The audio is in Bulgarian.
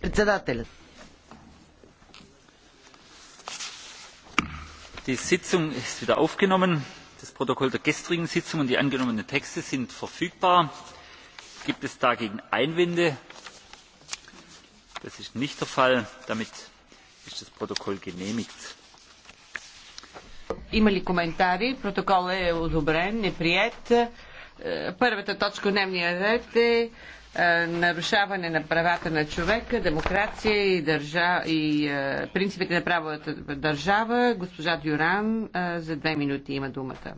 Председателят. Die Sitzung ist wieder aufgenommen. Das Protokoll der gestrigen Sitzung und die angenommenen Texte sind verfügbar. Gibt es dagegen Einwände? Das ist nicht der Fall. Damit ist das Protokoll genehmigt. Има ли коментари? Протокол е одобрен, не прият. Първата точка от дневния ред е е, нарушаване на правата на човека, демокрация и, държа, и е, принципите на правовата държава. Госпожа Дюран е, за две минути има думата.